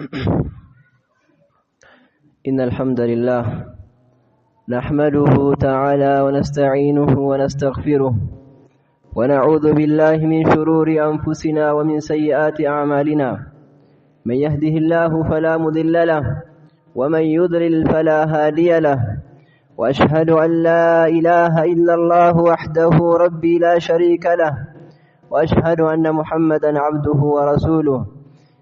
إن الحمد لله نحمده تعالى ونستعينه ونستغفره ونعوذ بالله من شرور أنفسنا ومن سيئات أعمالنا من يهده الله فلا مضل له ومن يضلل فلا هادي له وأشهد أن لا إله إلا الله وحده ربي لا شريك له وأشهد أن محمدا عبده ورسوله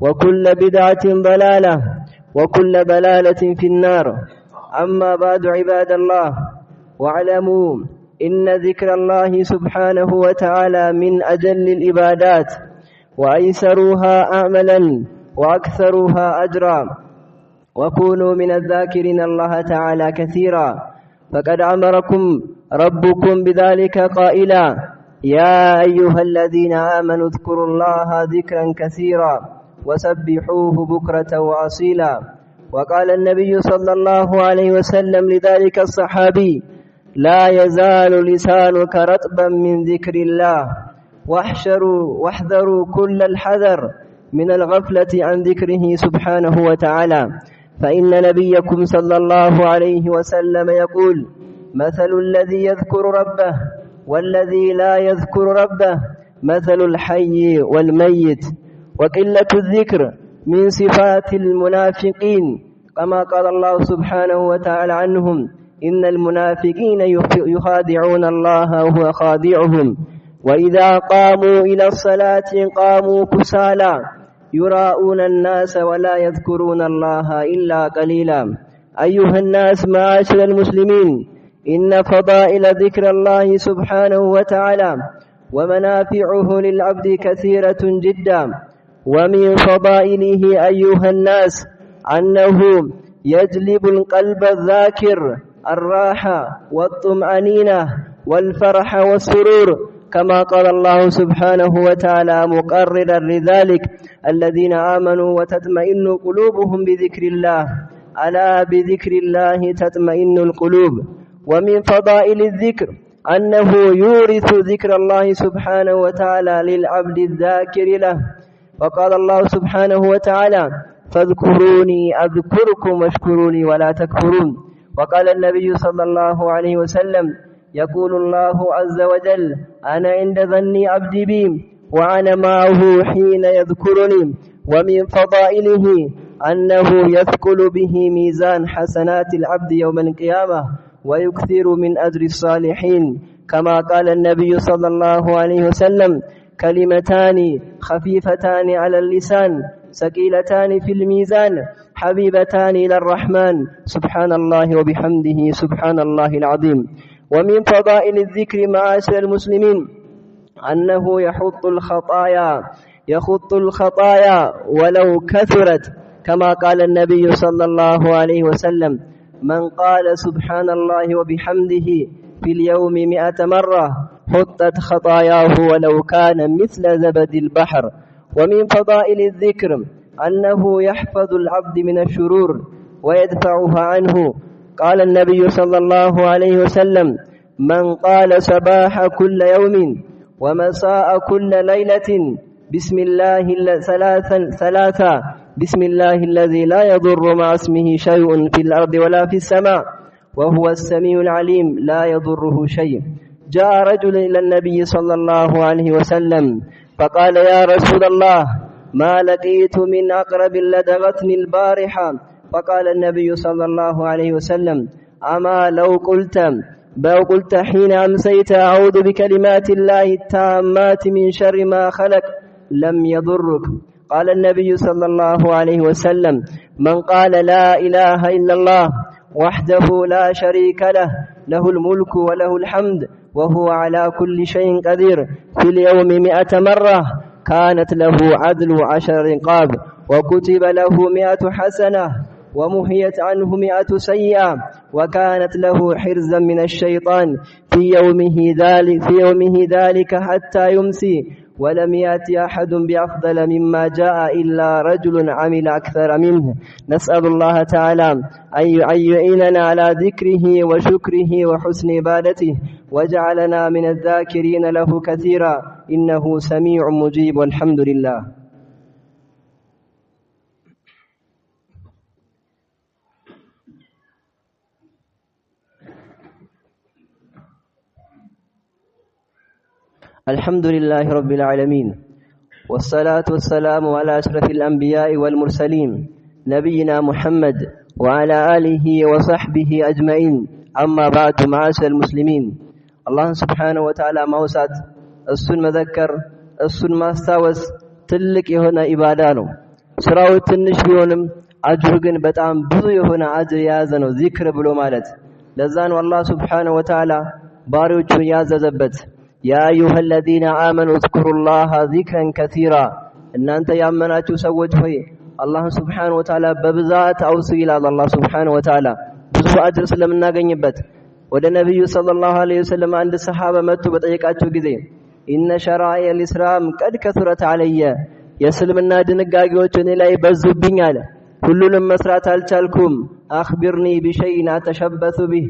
وكل بدعة ضلالة وكل بلالة في النار أما بعد عباد الله واعلموا إن ذكر الله سبحانه وتعالى من أجل العبادات وأيسروها أعملا وأكثرها أجرا وكونوا من الذاكرين الله تعالى كثيرا فقد أمركم ربكم بذلك قائلا يا أيها الذين آمنوا اذكروا الله ذكرا كثيرا وسبحوه بكرة وأصيلا وقال النبي صلى الله عليه وسلم لذلك الصحابي لا يزال لسانك رطبا من ذكر الله واحشروا واحذروا كل الحذر من الغفلة عن ذكره سبحانه وتعالى فإن نبيكم صلى الله عليه وسلم يقول مثل الذي يذكر ربه والذي لا يذكر ربه مثل الحي والميت وقلة الذكر من صفات المنافقين كما قال الله سبحانه وتعالى عنهم إن المنافقين يخادعون الله وهو خادعهم وإذا قاموا إلى الصلاة قاموا كسالى يراءون الناس ولا يذكرون الله إلا قليلا أيها الناس معاشر المسلمين إن فضائل ذكر الله سبحانه وتعالى ومنافعه للعبد كثيرة جدا ومن فضائله أيها الناس أنه يجلب القلب الذاكر الراحة والطمأنينة والفرح والسرور كما قال الله سبحانه وتعالى مقررا لذلك الذين آمنوا وتطمئن قلوبهم بذكر الله ألا بذكر الله تطمئن القلوب ومن فضائل الذكر أنه يورث ذكر الله سبحانه وتعالى للعبد الذاكر له وقال الله سبحانه وتعالى فاذكروني أذكركم واشكروني ولا تكفرون وقال النبي صلى الله عليه وسلم يقول الله عز وجل أنا عند ظني عبدي بي وأنا معه حين يذكرني ومن فضائله أنه يثقل به ميزان حسنات العبد يوم القيامة ويكثر من أجر الصالحين كما قال النبي صلى الله عليه وسلم كلمتان خفيفتان على اللسان ثقيلتان في الميزان حبيبتان إلى الرحمن سبحان الله وبحمده سبحان الله العظيم ومن فضائل الذكر معاشر المسلمين أنه يحط الخطايا يخط الخطايا ولو كثرت كما قال النبي صلى الله عليه وسلم من قال سبحان الله وبحمده في اليوم مئة مرة حطت خطاياه ولو كان مثل زبد البحر ومن فضائل الذكر أنه يحفظ العبد من الشرور ويدفعها عنه قال النبي صلى الله عليه وسلم من قال صباح كل يوم ومساء كل ليلة بسم الله ثلاثا ثلاثا بسم الله الذي لا يضر مع اسمه شيء في الأرض ولا في السماء وهو السميع العليم لا يضره شيء جاء رجل إلى النبي صلى الله عليه وسلم فقال يا رسول الله ما لقيت من أقرب لدغتني البارحة فقال النبي صلى الله عليه وسلم أما لو قلت بل قلت حين أمسيت أعوذ بكلمات الله التامات من شر ما خلق لم يضرك قال النبي صلى الله عليه وسلم من قال لا إله إلا الله وحده لا شريك له له الملك وله الحمد وهو على كل شيء قدير في اليوم مئة مرة كانت له عدل عشر رقاب وكتب له مئة حسنة ومهيت عنه مئة سيئة وكانت له حرزا من الشيطان في يومه ذلك, في يومه ذلك حتى يمسي ولم يأتي أحد بأفضل مما جاء إلا رجل عمل أكثر منه نسأل الله تعالى أن يعيننا على ذكره وشكره وحسن عبادته وجعلنا من الذاكرين له كثيرا إنه سميع مجيب والحمد لله الحمد لله رب العالمين والصلاة والسلام على أشرف الأنبياء والمرسلين نبينا محمد وعلى آله وصحبه أجمعين أما بعد معاشر المسلمين الله سبحانه وتعالى موسات السن مذكر السن مستوس تلك هنا إبادانه سراو تنش بيونم أجرقن بتعام بضي هنا أجر يازن ذكر بلو مالت لذان والله سبحانه وتعالى باريو جميع زبت يا أيها الذين آمنوا اذكروا الله ذكرا كثيرا إن أنت يا من أتسود في الله سبحانه وتعالى ببذات أو سيل الله سبحانه وتعالى بزوء أجر سلم الناقين يبت ولنبي صلى الله عليه وسلم عند الصحابة متوا بطيقة كذي إن شرائع الإسلام قد كثرت علي يسلم الناقين قاقوا لا يبزوا بني على كلنا مسرات ألتالكم أخبرني بشيء أتشبث به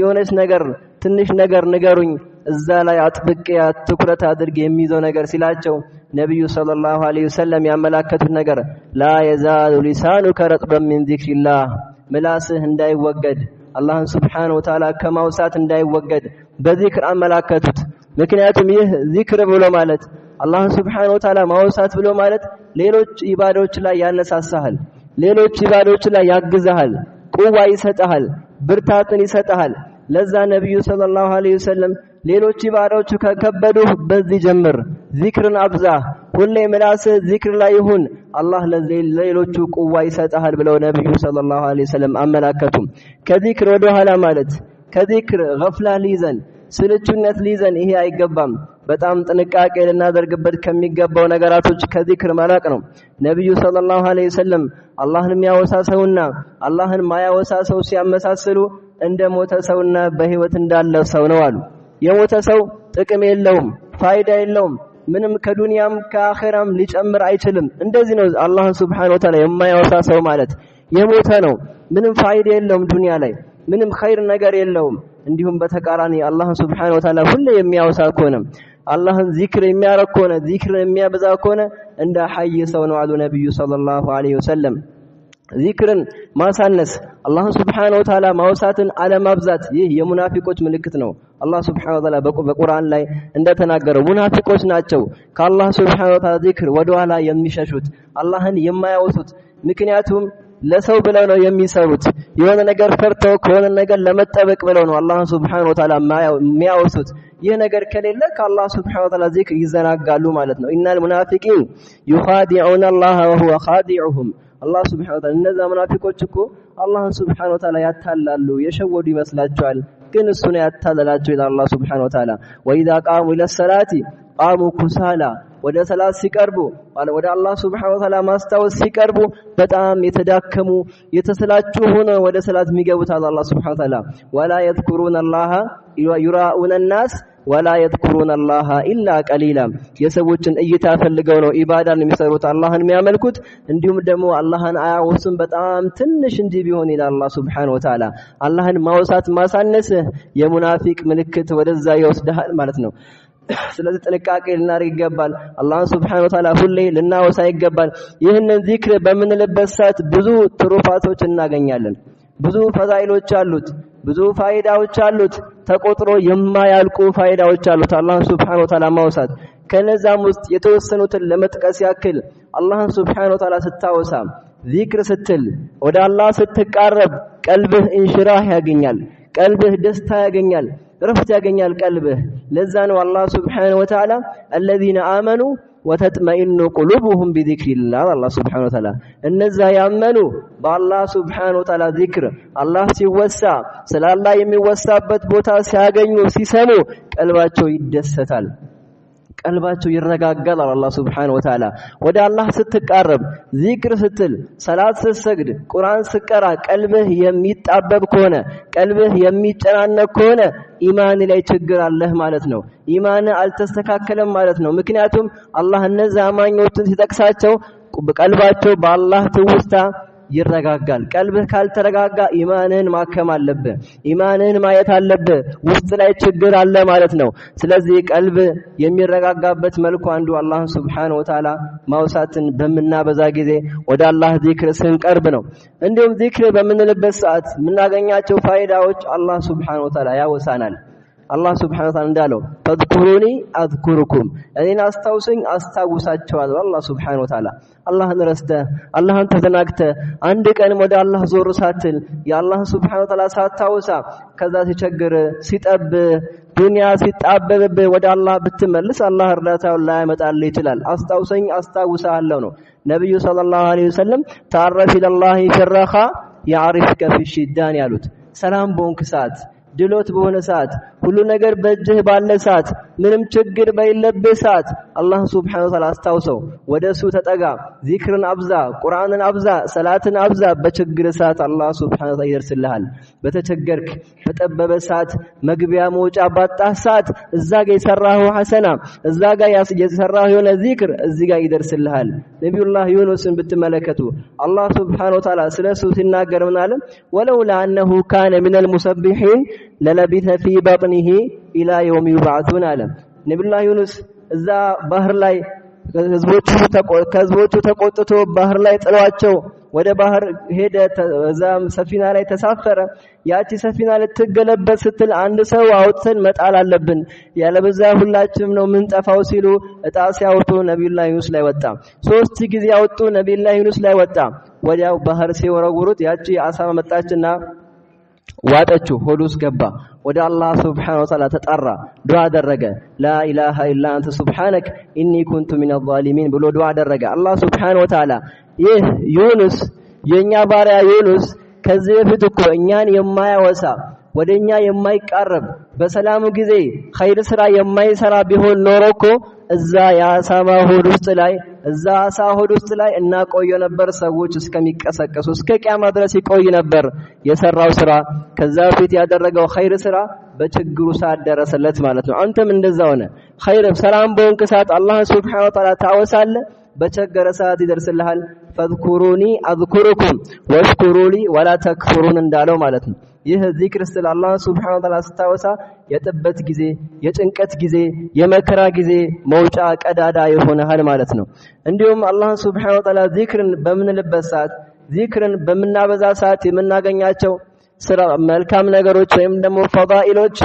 يونس نقر تنش نقر نقرني እዛ ላይ አጥብቄ ትኩረት አድርጌ የሚይዘው ነገር ሲላቸው ነቢዩ ሰለላሁ ዐለይሂ ወሰለም ያመላከቱት ነገር ላ የዛሉ ሊሳኑከ ረጥበን ሚን ዚክሪላህ ምላስህ እንዳይወገድ አላህን ስብሓነሁ ወተዓላ ከማውሳት እንዳይወገድ በዚክር አመላከቱት። ምክንያቱም ይህ ዚክር ብሎ ማለት አላህን ስብሓነሁ ወተዓላ ማውሳት ብሎ ማለት ሌሎች ኢባዶች ላይ ያነሳሳሃል፣ ሌሎች ኢባዶች ላይ ያግዛሃል፣ ቁዋ ይሰጠሃል፣ ብርታትን ይሰጠሃል። ለዛ ነቢዩ ሰለላሁ ዐለይሂ ወሰለም ሌሎች ኢባዳዎች ከከበዱህ በዚህ ጀምር። ዚክርን አብዛ። ሁሌ ምላስህ ዚክር ላይ ይሁን። አላህ ለሌሎቹ ቁዋ ይሰጣል ብለው ነብዩ ሰለላሁ ዐለይሂ ወሰለም አመላከቱ። ከዚክር ወደ ኋላ ማለት ከዚክር ገፍላ ሊይዘን ስልቹነት ሊይዘን ይሄ አይገባም። በጣም ጥንቃቄ ልናደርግበት ከሚገባው ነገራቶች ከዚክር መራቅ ነው። ነብዩ ሰለላሁ ዐለይሂ ወሰለም አላህን የሚያወሳ ሰውና አላህን ማያወሳ ሰው ሲያመሳስሉ እንደ ሞተ ሰውና በህይወት እንዳለ ሰው ነው አሉ። የሞተ ሰው ጥቅም የለውም፣ ፋይዳ የለውም። ምንም ከዱንያም ከአኼራም ሊጨምር አይችልም። እንደዚህ ነው አላህን ሱብሓነሁ ወተዓላ የማያወሳ ሰው ማለት የሞተ ነው። ምንም ፋይዳ የለውም ዱንያ ላይ ምንም ኸይር ነገር የለውም። እንዲሁም በተቃራኒ አላህን ሱብሓነሁ ወተዓላ ሁሌ የሚያወሳ ከሆነ አላህን ዚክር የሚያረግ ከሆነ ዚክር የሚያበዛ ከሆነ እንደ ሐይ ሰው ነው አሉ ነብዩ ሰለላሁ ዐለይሂ ወሰለም። ዚክርን ማሳነስ፣ አላህን ሱብሓነሁ ወተዓላ ማውሳትን አለማብዛት ይህ የሙናፊቆች ምልክት ነው። አላህ ስብሐነ ወተዓላ በቁርአን ላይ እንደተናገረው ሙናፊቆች ናቸው ከአላህ ስብሐነ ወተዓላ ዚክር ወደኋላ የሚሸሹት አላህን የማያወሱት። ምክንያቱም ለሰው ብለው ነው የሚሰሩት። የሆነ ነገር ፈርተው ከሆነ ነገር ለመጠበቅ ብለው ነው አላህን ስብሐነ ወተዓላ የሚያወሱት። ይህ ነገር ከሌለ ከአላህ ስብሐነ ወተዓላ ዚክር ይዘናጋሉ ማለት ነው። ኢናል ሙናፊቂን ዩኻዲዑነ አላህ ወሁወ ኻዲዑሁም አላህ ስብሐነ ወተዓላ እነዛ ሙናፊቆች እኮ አላህን ስብሐነ ወተዓላ ያታላሉ የሸወዱ ይመስላቸዋል። ግን እሱን ያታለላቸው ይላል አላህ ሱብሓነሁ ወተዓላ። ወኢዛ ቃሙ ኢለ ቃሙ ኩሳላ ወደ ሰላት ሲቀርቡ ወደ አላህ ሱብሓነሁ ወተዓላ ማስታወስ ሲቀርቡ በጣም የተዳከሙ የተሰላቹ ሆነ ወደ ሰላት የሚገቡት አላህ ሱብሓነሁ ወተዓላ ወላ የዝኩሩነ ዩራኡነ ናስ ወላ የዝኩሩን አላህ ኢላ ቀሊላ የሰዎችን እይታ ፈልገው ነው ኢባዳን የሚሰሩት አላህን የሚያመልኩት። እንዲሁም ደግሞ አላህን አያወሱም በጣም ትንሽ እንጂ ቢሆን ይላል አላህ ሱብሓነሁ ወተዓላ። አላህን ማውሳት ማሳነስ የሙናፊቅ ምልክት ወደዛ ይወስድሃል ማለት ነው። ስለዚህ ጥንቃቄ ልናደርግ ይገባል። አላህን ሱብሓነሁ ወተዓላ ሁሌ ልናወሳ ይገባል። ይህንን ዚክር በምንልበት ሰዓት ብዙ ትሩፋቶች እናገኛለን። ብዙ ፈዛኢሎች አሉት። ብዙ ፋይዳዎች አሉት። ተቆጥሮ የማያልቁ ፋይዳዎች አሉት አላህን ሱብሓነሁ ወተዓላ ማውሳት። ከነዛም ውስጥ የተወሰኑትን ለመጥቀስ ያክል አላህን ሱብሓነሁ ወተዓላ ስታወሳ፣ ዚክር ስትል፣ ወደ አላህ ስትቃረብ ቀልብህ እንሽራህ ያገኛል። ቀልብህ ደስታ ያገኛል፣ ረፍት ያገኛል ቀልብህ። ለዛ ነው አላህ ሱብሓነሁ ወተዓላ አለዚነ አመኑ ወተጥመኢኑ ቁሉብሁም ቢዚክሪላህ አላህ ስብሓነሁ ወተዓላ እነዛ ያመኑ በአላህ ስብሓነሁ ወተዓላ ዚክር አላህ ሲወሳ ስለ አላህ የሚወሳበት ቦታ ሲያገኙ ሲሰሙ ቀልባቸው ይደሰታል። ቀልባቸው ይረጋጋል። አላህ ሱብሓነሁ ወተዓላ ወደ አላህ ስትቃረብ፣ ዚክር ስትል፣ ሰላት ስትሰግድ፣ ቁርአን ስትቀራ ቀልብህ የሚጣበብ ከሆነ ቀልብህ የሚጨናነቅ ከሆነ ኢማን ላይ ችግር አለህ ማለት ነው። ኢማን አልተስተካከለም ማለት ነው። ምክንያቱም አላህ እነዚያ አማኞችን ሲጠቅሳቸው ቀልባቸው በአላህ ትውስታ ይረጋጋል። ቀልብህ ካልተረጋጋ ኢማንህን ማከም አለብህ። ኢማንህን ማየት አለብህ። ውስጥ ላይ ችግር አለ ማለት ነው። ስለዚህ ቀልብ የሚረጋጋበት መልኩ አንዱ አላህ ሱብሓነሁ ወተዓላ ማውሳትን በምናበዛ ጊዜ ወደ አላህ ዚክር ስንቀርብ ነው። እንዲሁም ዚክር በምንልበት ሰዓት የምናገኛቸው ፋይዳዎች አላህ ሱብሓነሁ ወተዓላ ያወሳናል። አላህ ሱብሓነሁ ወተዓላ እንዳለው ፈዝኩሩኒ አዝኩርኩም እኔን አስታውሱኝ አስታውሳቸዋለሁ። አላህ ሱብሓነሁ ወተዓላ አላህን ረስተህ አላህን ተዘናግተህ አንድ ቀን ወደ አላህ ዞር ሳትል የአላህ ሱብሓነሁ ወተዓላ ሳታውሳ ከዛ ሲቸግር ሲጠብ ዱንያ ሲጣበብብህ ወደ አላህ ብትመልስ አላህ እርዳታውን ላያመጣልህ ይችላል። አስታውሰኝ አስታውሳለሁ ነው። ነቢዩ ሰለላሁ ዐለይሂ ወሰለም ተዐረፍ ኢለላሂ ፊ ረኻ የዐሪፍከ ያሉት ሰላም በሆንክ ሰዓት ድሎት በሆነ ሰዓት ሁሉ ነገር በእጅህ ባለ ሰዓት ምንም ችግር በሌለብህ ሰዓት አላህ ሱብሓነሁ ወተዓላ አስታውሰው፣ ወደ እሱ ተጠጋ፣ ዚክርን አብዛ፣ ቁርአንን አብዛ፣ ሰላትን አብዛ። በችግር ሰዓት አላህ ሱብሓነሁ ወተዓላ ይደርስልሃል። በተቸገርክ በጠበበ ሰዓት መግቢያ መውጫ ባጣህ ሰዓት እዛ ጋ የሰራኸው ሐሰና እዛ ጋ የሰራኸው የሆነ ዚክር እዚህ ጋ ይደርስልሃል። ነቢዩላህ ዩኑስን ብትመለከቱ አላህ ሱብሓነሁ ወተዓላ ስለ እሱ ሲናገር ምን አለ? ወለውላ አነሁ ካነ ሚነል ሙሰቢሒን ለለቢተ ፊ በጥኒሂ ኢላ የውም ዩብዓቱን አለ። ነብዩላህ ዩኑስ እዛ ባህር ላይ ከህዝቦቹ ተቆጥቶ ባህር ላይ ጥሏቸው ወደ ባህር ሄደ። እዛም ሰፊና ላይ ተሳፈረ። ያቺ ሰፊና ልትገለበጥ ስትል አንድ ሰው አውጥተን መጣል አለብን፣ ያለበዛ ሁላችንም ነው ምንጠፋው ሲሉ እጣ ሲያወጡ ነቢዩላህ ዩኑስ ላይ ወጣ። ሶስት ጊዜ አወጡ፣ ነቢዩላህ ዩኑስ ላይ ወጣ። ወዲያው ባህር ሲወረውሩት ያቺ አሳ መጣችና ዋጠችው ሆዱ ውስጥ ገባ። ወደ አላህ ሱብሓነሁ ወተዓላ ተጠራ፣ ዱዓ አደረገ። ላኢላሃ ኢላ አንተ ሱብሓነክ ኢኒ ኩንቱ ሚነ ዛሊሚን ብሎ ዱዓ አደረገ። አላህ ሱብሓነሁ ወተዓላ ይህ ዩኑስ የእኛ ባሪያ ዩኑስ ከዚህ በፊት እኮ እኛን የማያወሳ ወደ እኛ የማይቃረብ በሰላሙ ጊዜ ኸይር ስራ የማይሰራ ቢሆን ኖሮ እኮ እዛ የአሳማ ሆድ ውስጥ ላይ እዛ አሳ ሆድ ውስጥ ላይ እናቆየ ነበር። ሰዎች እስከሚቀሰቀሱ እስከ ቂያማ ድረስ ይቆይ ነበር የሰራው ስራ፣ ከዛ በፊት ያደረገው ኸይር ስራ በችግሩ ሰዓት ደረሰለት ማለት ነው። አንተም እንደዛ ሆነ ኸይር ሰላም በሆንክ ሰዓት አላህን ሱብሓነሁ ወተዓላ ታወሳለ፣ በቸገረ ሰዓት ይደርስልሃል። ፈዝኩሩኒ አዝኩርኩም ወሽኩሩሊ ወላ ተክፉሩን እንዳለው ማለት ነው። ይህ ዚክር ስለ አላህ ሱብሓነሁ ወተዓላ ስታወሳ የጥበት ጊዜ፣ የጭንቀት ጊዜ፣ የመከራ ጊዜ መውጫ ቀዳዳ የሆነሃል ማለት ነው። እንዲሁም አላህ ሱብሓነሁ ወተዓላ ዚክርን በምንልበት ሰዓት፣ ዚክርን በምናበዛ ሰዓት የምናገኛቸው ስራ መልካም ነገሮች ወይም ደግሞ ፈዳኢሎች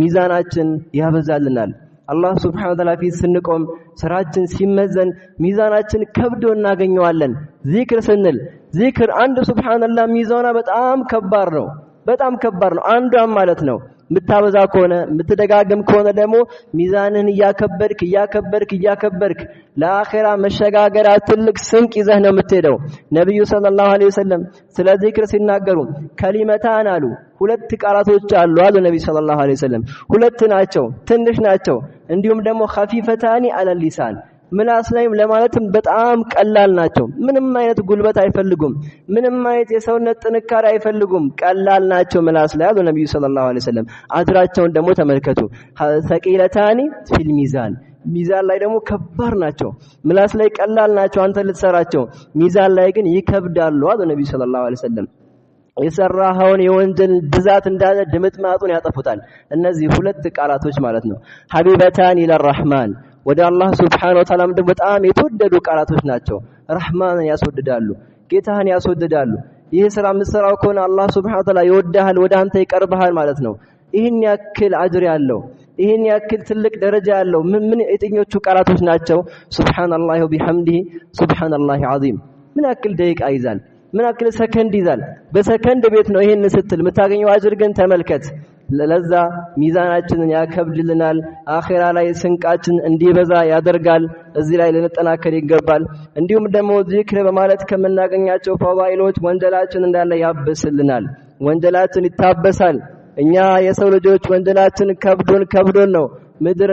ሚዛናችን ያበዛልናል። አላህ ሱብሓነሁ ወተዓላ ፊት ስንቆም ስራችን ሲመዘን ሚዛናችን ከብዶ እናገኘዋለን። ዚክር ስንል ዚክር አንድ ሱብሓነላህ ሚዛኗ በጣም ከባድ ነው። በጣም ከባድ ነው። አንዷም ማለት ነው የምታበዛ ከሆነ የምትደጋግም ከሆነ ደግሞ ሚዛንህን እያከበድክ እያከበድክ እያከበድክ ለአኼራ መሸጋገሪያ ትልቅ ስንቅ ይዘህ ነው የምትሄደው። ነቢዩ ሰለላሁ ዐለይሂ ወሰለም ስለ ዚክር ሲናገሩ ከሊመታን አሉ ሁለት ቃላቶች አሉ አሉ ነቢዩ ሰለላሁ ዐለይሂ ወሰለም ሁለት ናቸው፣ ትንሽ ናቸው። እንዲሁም ደግሞ ኸፊፈታኒ አለሊሳን ምላስ ላይም ለማለትም በጣም ቀላል ናቸው። ምንም አይነት ጉልበት አይፈልጉም። ምንም አይነት የሰውነት ጥንካሬ አይፈልጉም። ቀላል ናቸው ምላስ ላይ አሉ ነብዩ ሰለላሁ ዐለይሂ ወሰለም። አጅራቸውን ደግሞ ተመልከቱ። ሰቂለታኒ ፊል ሚዛን ሚዛን ላይ ደግሞ ከባድ ናቸው። ምላስ ላይ ቀላል ናቸው፣ አንተ ልትሰራቸው። ሚዛን ላይ ግን ይከብዳሉ አሉ ነብዩ ሰለላሁ ዐለይሂ ወሰለም። የሰራኸውን የወንጀል ብዛት እንዳለ ድምጥ ማጡን ያጠፉታል። እነዚህ ሁለት ቃላቶች ማለት ነው። ሀቢበታን ኢለራህማን ወደ አላህ ሱብሓነሁ ወተዓላም ደግሞ በጣም የተወደዱ ቃላቶች ናቸው። ረህማንን ያስወድዳሉ፣ ጌታህን ያስወድዳሉ። ይህ ስራ የምትሰራው ከሆነ አላህ ሱብሓነሁ ወተዓላ ይወድሃል፣ ወደ አንተ ይቀርብሃል ማለት ነው። ይህን ያክል አጅር ያለው ይህን ያክል ትልቅ ደረጃ ያለው ምን ምን የትኞቹ ቃላቶች ናቸው? ሱብሓነላሂ ወቢሐምዲሂ ሱብሓነላሂ ዐዚም። ምን ያክል ደቂቃ ይዛል? ምን ያክል ሰከንድ ይዛል? በሰከንድ ቤት ነው ይህን ስትል የምታገኘው አጅር ግን ተመልከት። ለዛ ሚዛናችንን ያከብድልናል። አኼራ ላይ ስንቃችን እንዲበዛ ያደርጋል። እዚህ ላይ ልንጠናከር ይገባል። እንዲሁም ደግሞ ዚክር በማለት ከምናገኛቸው ፈዋኢሎች ወንጀላችን እንዳለ ያብስልናል። ወንጀላችን ይታበሳል። እኛ የሰው ልጆች ወንጀላችን ከብዶን ከብዶን ነው ምድር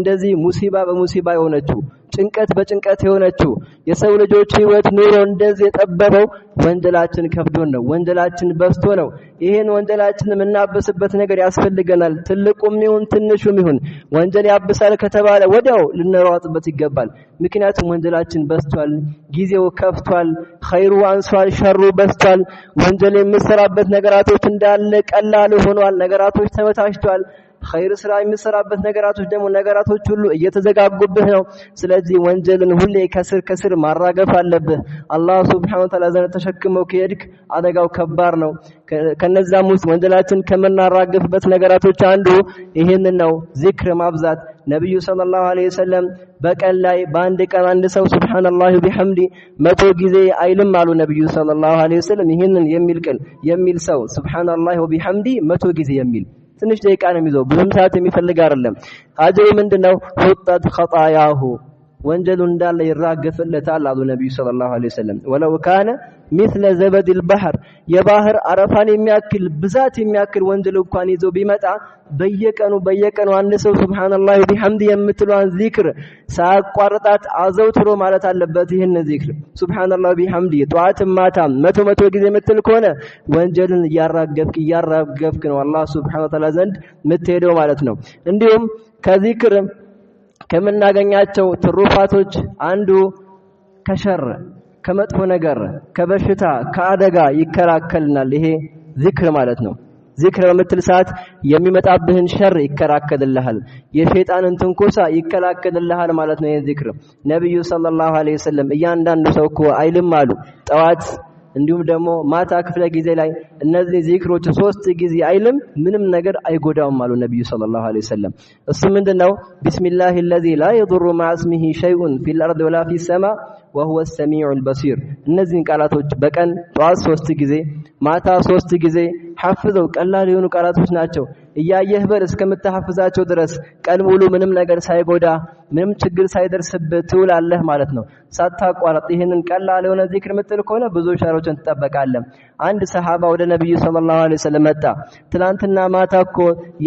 እንደዚህ ሙሲባ በሙሲባ የሆነችው ጭንቀት በጭንቀት የሆነችው የሰው ልጆች ህይወት ኑሮ እንደዚህ የጠበበው ወንጀላችን ከብዶን ነው። ወንጀላችን በዝቶ ነው። ይህን ወንጀላችን የምናብስበት ነገር ያስፈልገናል። ትልቁም ይሁን ትንሹም ይሁን ወንጀል ያብሳል ከተባለ ወዲያው ልንሯጥበት ይገባል። ምክንያቱም ወንጀላችን በዝቷል፣ ጊዜው ከፍቷል፣ ኸይሩ አንሷል፣ ሸሩ በዝቷል። ወንጀል የምሰራበት ነገራቶች እንዳለ ቀላል ሆኗል። ነገራቶች ተመታሽቷል። ኸይር ስራ የሚሰራበት ነገራቶች ደግሞ ነገራቶች ሁሉ እየተዘጋጉብህ ነው። ስለዚህ ወንጀልን ሁሌ ከስር ከስር ማራገፍ አለብህ። አላህ ሱብሓነሁ ወተዓላ ዘንድ ተሸክመው ከሄድክ አደጋው ከባድ ነው። ከነዛም ውስጥ ወንጀላችን ከምናራግፍበት ነገራቶች አንዱ ይህንን ነው፣ ዚክር ማብዛት። ነብዩ ሰለላሁ ዐለይሂ ወሰለም በቀን ላይ በአንድ ቀን አንድ ሰው ሱብሃንአላሂ ቢሐምዲ መቶ ጊዜ አይልም አሉ ነብዩ ሰለላሁ ዐለይሂ ወሰለም። ይህንን የሚል ቀን የሚል ሰው ሱብሃንአላሂ ቢሐምዲ መቶ ጊዜ የሚል ትንሽ ደቂቃ ነው የሚይዘው፣ ብዙም ሰዓት የሚፈልግ አይደለም። አጅሩ ምንድነው? ሁጠት ኸጣያሁ ወንጀሉ እንዳለ ይራገፍለታል አሉ ነብዩ ሰለላሁ ዐለይሂ ወሰለም ወለው ካነ ሚስለ ዘበድል ባህር የባህር አረፋን የሚያክል ብዛት የሚያክል ወንዝ ልኳን ይዞ ቢመጣ በየቀኑ በየቀኑ አንድ ሰው ሱብሃንአላህ ወቢሐምድ የምትሏን ዚክር ሳያቋርጣት አዘውትሮ ማለት አለበት። ይህን ዚክር ሱብሃንአላህ ወቢሐምድ ጠዋትም ማታም መቶ መቶ ጊዜ የምትል ከሆነ ወንጀልን እያራገፍክ እያራገፍክ ነው አላህ ሱብሃነሁ ወተዓላ ዘንድ የምትሄደው ማለት ነው። እንዲሁም ከዚክር ከምናገኛቸው ትሩፋቶች አንዱ ከሸር ከመጥፎ ነገር ከበሽታ ከአደጋ ይከላከልናል። ይሄ ዚክር ማለት ነው። ዚክር በምትል ሰዓት የሚመጣብህን ሸር ይከላከልልሃል፣ የሸይጣንን ትንኮሳ ይከላከልልሃል ማለት ነው። ይሄ ዚክር ነብዩ ሰለላሁ ዐለይሂ ወሰለም እያንዳንዱ ሰው እኮ አይልም አሉ ጠዋት እንዲሁም ደግሞ ማታ ክፍለ ጊዜ ላይ እነዚህ ዚክሮች ሶስት ጊዜ አይልም ምንም ነገር አይጎዳውም አሉ ነብዩ ሰለላሁ ዐለይሂ ወሰለም። እሱ ምንድነው? ቢስሚላሂ الذي لا يضر مع اسمه شيء في الارض ولا ወሁወ ሰሚዑል በሲር። እነዚህን ቃላቶች በቀን ጠዋት ሶስት ጊዜ ማታ ሶስት ጊዜ ሐፍዘው። ቀላል የሆኑ ቃላቶች ናቸው። እያየህ በል እስከምትሐፍዛቸው ድረስ ቀን ሙሉ ምንም ነገር ሳይጎዳ ምንም ችግር ሳይደርስብህ ትውላለህ ማለት ነው። ሳታቋረጥ ይህንን ቀላል የሆነ ዚክር ምትል ከሆነ ብዙ ሻሮችን ትጠበቃለህ። አንድ ሰሃባ ወደ ነብዩ ሰለላሁ ዐለይሂ ወሰለም መጣ። ትናንትና ማታ እኮ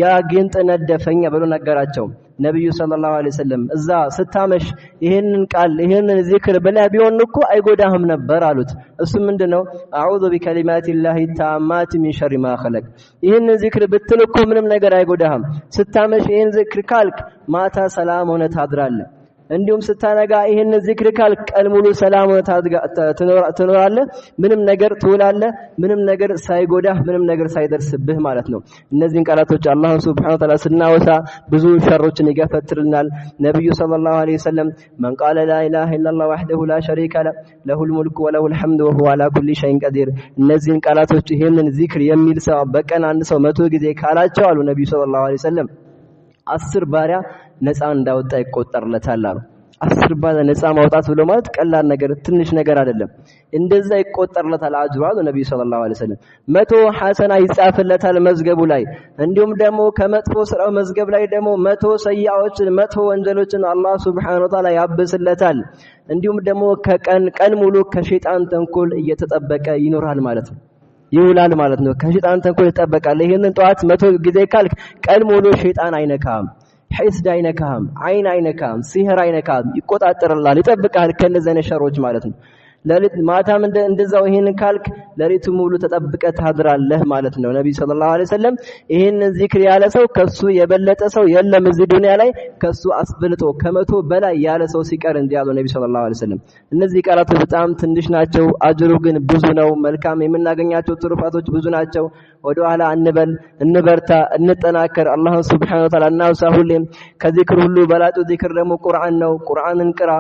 ያ ጊንጥ ነደፈኝ ብሎ ነገራቸው። ነቢዩ ሰለላሁ ዐለይሂ ወሰለም እዛ ስታመሽ ይህንን ቃል ይህንን ዚክር ብላ ቢሆን እኮ አይጎዳህም ነበር አሉት። እሱ ምንድነው አዑዙ ቢከሊማቲላሂ ታማት ሚን ሸሪ ማ ኸለቅ። ይህንን ዚክር ብትል እኮ ምንም ነገር አይጎዳህም። ስታመሽ ይህን ዚክር ካልክ ማታ ሰላም ሆነ ታድራለህ። እንዲሁም ስታነጋ ይሄን ዚክር ካል ቀን ሙሉ ሰላም ትኖራለህ። ምንም ነገር ትውላለህ። ምንም ነገር ሳይጎዳህ፣ ምንም ነገር ሳይደርስብህ ማለት ነው። እነዚህን ቃላቶች አላህ ሱብሓነሁ ወተዓላ ስናወሳ ብዙ ሸሮችን ይገፈትልናል። ነብዩ ሰለላሁ ዐለይሂ ወሰለም መን ቃለ ላ ኢላሀ ኢለላህ ላ ሸሪከ ለሁ ለሁል ሙልክ ወለሁል ሐምድ ወሁወ ዐላ ኩሊ ሸይን ቀዲር። እነዚህን ቃላቶች ይህንን ዚክር የሚል ሰው በቀን አንድ ሰው መቶ ጊዜ ካላቸው አሉ ነብዩ ሰለላሁ ዐለይሂ ወሰለም አስር ባሪያ ነፃ እንዳወጣ ይቆጠርለታል አሉ። አስር ባለ ነፃ ማውጣት ብሎ ማለት ቀላል ነገር ትንሽ ነገር አይደለም። እንደዛ ይቆጠርለታል አጅሩ አሉ ነብዩ ሰለላሁ ዐለይሂ ወሰለም። መቶ ሐሰና ይጻፍለታል መዝገቡ ላይ እንዲሁም ደግሞ ከመጥፎ ስራው መዝገብ ላይ ደግሞ መቶ ሰያዎችን መቶ ወንጀሎችን አላህ ሱብሓነሁ ወተዓላ ያብስለታል። እንዲሁም ደግሞ ከቀን ቀን ሙሉ ከሸይጣን ተንኮል እየተጠበቀ ይኖራል ማለት ነው ይውላል ማለት ነው። ከሸይጣን ተንኮል ይጠበቃል። ይህንን ጠዋት መቶ ጊዜ ካልክ ቀን ሙሉ ሸይጣን አይነካም። ሒስድ አይነካህም፣ አይን አይነካህም፣ ሲህር አይነካህም። ይቆጣጠርላል፣ ይጠብቃል ከነዚህ አይነት ሸሮች ማለት ነው። ለሊት ማታም እንደዛው ይሄን ካልክ ለሊቱ ሙሉ ተጠብቀ ታድራለህ ማለት ነው። ነብዩ ሰለላሁ ዐለይሂ ወሰለም ይሄን ዚክር ያለ ሰው ከሱ የበለጠ ሰው የለም እዚህ ዱንያ ላይ ከሱ አስበልጦ ከመቶ በላይ ያለ ሰው ሲቀር እንዲያሉ ነቢ ሰለላሁ ዐለይሂ ወሰለም። እነዚህ ቃላቶች በጣም ትንሽ ናቸው፣ አጅሩ ግን ብዙ ነው። መልካም የምናገኛቸው ትሩፋቶች ብዙ ናቸው። ወደኋላ እንበል፣ እንበርታ፣ እንጠናከር። አላህ ሱብሓነሁ ወተዓላ እናውሳ ሁሌም። ከዚክር ሁሉ በላጩ ዚክር ደግሞ ቁርአን ነው። ቁርአንን ቅራ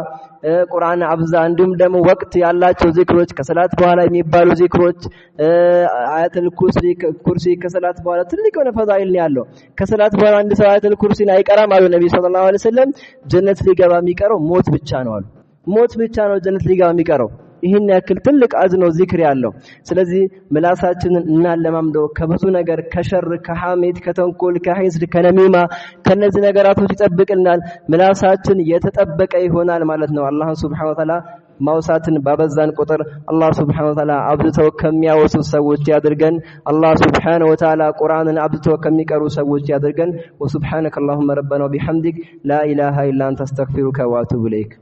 ቁርአን አብዛ። እንዲሁም ደግሞ ወቅት ያላቸው ዚክሮች ከሰላት በኋላ የሚባሉ ዚክሮች አያተል ኩርሲ ከሰላት በኋላ ትልቅ የሆነ ፈዳኢል ያለው። ከሰላት በኋላ አንድ ሰው አያተል ኩርሲን አይቀራም አሉ ነብይ ሰለላሁ ዐለይሂ ወሰለም። ጀነት ሊገባ የሚቀረው ሞት ብቻ ነው አሉ። ሞት ብቻ ነው ጀነት ሊገባ የሚቀረው ይህን ያክል ትልቅ አዝኖ ነው ዚክር ያለው። ስለዚህ ምላሳችንን እናለማምደው ከብዙ ነገር ከሸር፣ ከሐሜት፣ ከተንኮል፣ ከሂስድ፣ ከነሚማ ከነዚህ ነገራቶች ይጠብቅልናል። ምላሳችን የተጠበቀ ይሆናል ማለት ነው። አላህን ሱብሓነሁ ወተዓላ ማውሳትን ባበዛን ቁጥር አላህ ሱብሓነሁ ወተዓላ አብዝተው ከሚያወሱ ሰዎች ያድርገን። አላህ ሱብሓነሁ ወተዓላ ቁርአንን አብዝተው ከሚቀሩ ሰዎች ያድርገን። ወሱብሓነከ አላሁመ ረበና ወቢሐምዲክ ላ ኢላ አንተ አስተግፊሩከ ወአቱቡ ኢለይክ